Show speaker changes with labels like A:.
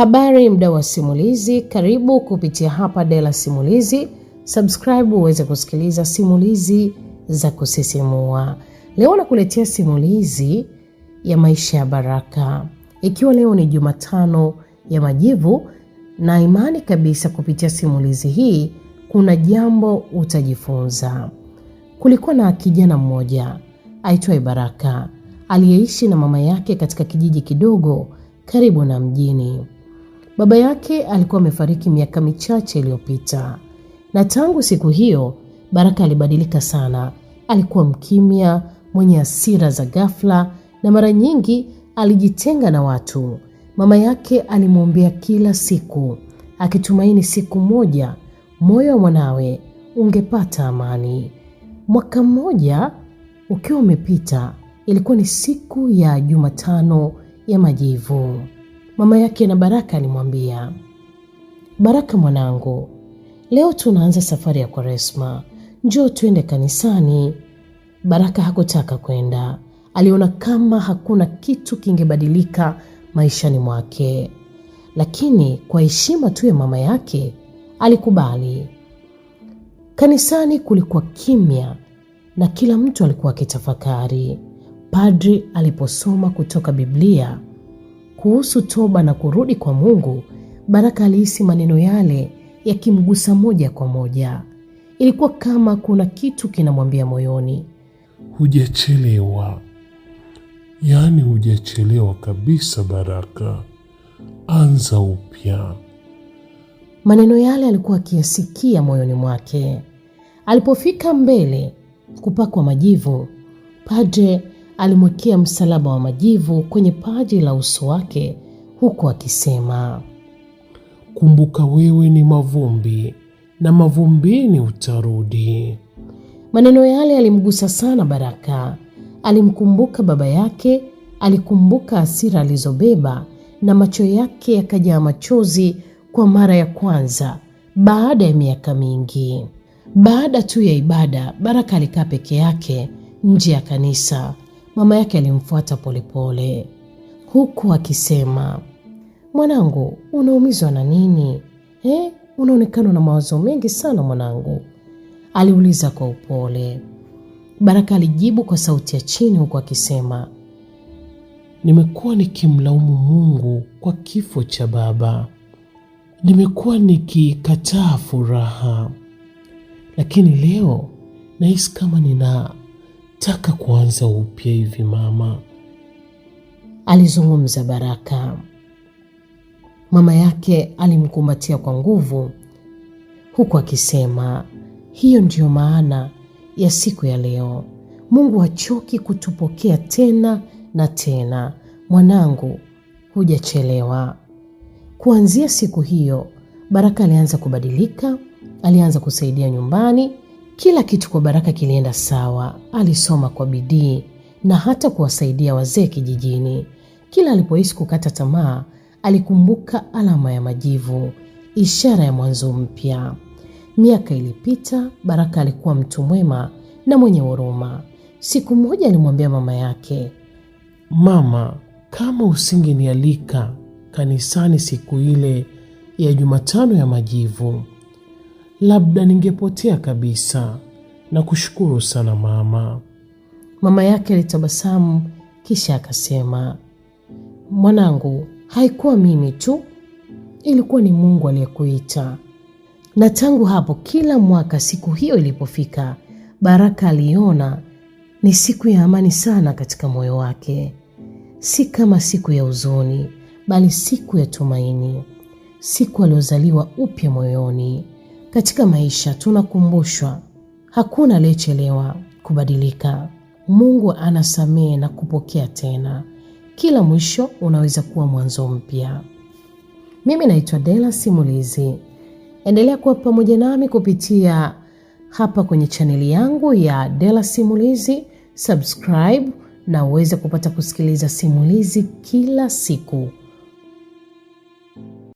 A: Habari mda wa simulizi, karibu kupitia hapa Dela Simulizi. Subscribe uweze kusikiliza simulizi za kusisimua. Leo nakuletea simulizi ya maisha ya Baraka, ikiwa leo ni Jumatano ya Majivu, na imani kabisa kupitia simulizi hii kuna jambo utajifunza. Kulikuwa na kijana mmoja aitwaye Baraka aliyeishi na mama yake katika kijiji kidogo karibu na mjini. Baba yake alikuwa amefariki miaka michache iliyopita, na tangu siku hiyo Baraka alibadilika sana. Alikuwa mkimya, mwenye hasira za ghafla, na mara nyingi alijitenga na watu. Mama yake alimwombea kila siku, akitumaini siku moja moyo wa mwanawe ungepata amani. Mwaka mmoja ukiwa umepita, ilikuwa ni siku ya Jumatano ya Majivu mama yake na Baraka alimwambia, Baraka mwanangu, leo tunaanza safari ya Kwaresma, njoo tuende kanisani. Baraka hakutaka kwenda, aliona kama hakuna kitu kingebadilika maishani mwake, lakini kwa heshima tu ya mama yake alikubali. Kanisani kulikuwa kimya na kila mtu alikuwa akitafakari. Padri aliposoma kutoka Biblia kuhusu toba na kurudi kwa Mungu, Baraka alihisi maneno yale yakimgusa moja kwa moja. Ilikuwa kama kuna kitu kinamwambia moyoni,
B: hujachelewa, yaani hujachelewa kabisa, Baraka, anza upya.
A: Maneno yale alikuwa akiyasikia moyoni mwake. Alipofika mbele kupakwa majivu, Padre alimwekea msalaba wa majivu kwenye paji la uso wake huku akisema,
B: kumbuka wewe ni mavumbi na mavumbini utarudi.
A: Maneno yale yalimgusa sana Baraka. Alimkumbuka baba yake, alikumbuka hasira alizobeba na macho yake yakajaa machozi kwa mara ya kwanza baada ya miaka mingi. Baada tu ya ibada, Baraka alikaa peke yake nje ya kanisa Mama yake alimfuata polepole huku akisema, mwanangu, unaumizwa na nini eh? Unaonekana na mawazo mengi sana mwanangu, aliuliza kwa upole. Baraka alijibu kwa sauti ya chini huku akisema,
B: nimekuwa nikimlaumu Mungu kwa kifo cha baba, nimekuwa nikikataa furaha, lakini leo nahisi kama nina taka kuanza upya hivi mama,
A: alizungumza Baraka. Mama yake alimkumbatia kwa nguvu, huku akisema, hiyo ndiyo maana ya siku ya leo. Mungu hachoki kutupokea tena na tena. Mwanangu, hujachelewa. Kuanzia siku hiyo Baraka alianza kubadilika, alianza kusaidia nyumbani kila kitu kwa Baraka kilienda sawa. Alisoma kwa bidii na hata kuwasaidia wazee kijijini. Kila alipohisi kukata tamaa, alikumbuka alama ya majivu, ishara ya mwanzo mpya. Miaka ilipita, Baraka alikuwa mtu mwema na mwenye huruma. Siku moja alimwambia mama yake,
B: Mama, kama usingenialika kanisani siku ile ya Jumatano ya majivu, labda ningepotea kabisa. Na kushukuru sana mama.
A: Mama yake alitabasamu kisha akasema, mwanangu, haikuwa mimi tu, ilikuwa ni Mungu aliyekuita. Na tangu hapo kila mwaka siku hiyo ilipofika, Baraka aliona ni siku ya amani sana katika moyo wake, si kama siku ya huzuni, bali siku ya tumaini, siku aliyozaliwa upya moyoni. Katika maisha tunakumbushwa, hakuna aliyechelewa kubadilika. Mungu anasamehe na kupokea tena. Kila mwisho unaweza kuwa mwanzo mpya. Mimi naitwa Dela Simulizi. Endelea kuwa pamoja nami kupitia hapa kwenye chaneli yangu ya Dela Simulizi. Subscribe na uweze kupata kusikiliza simulizi kila siku.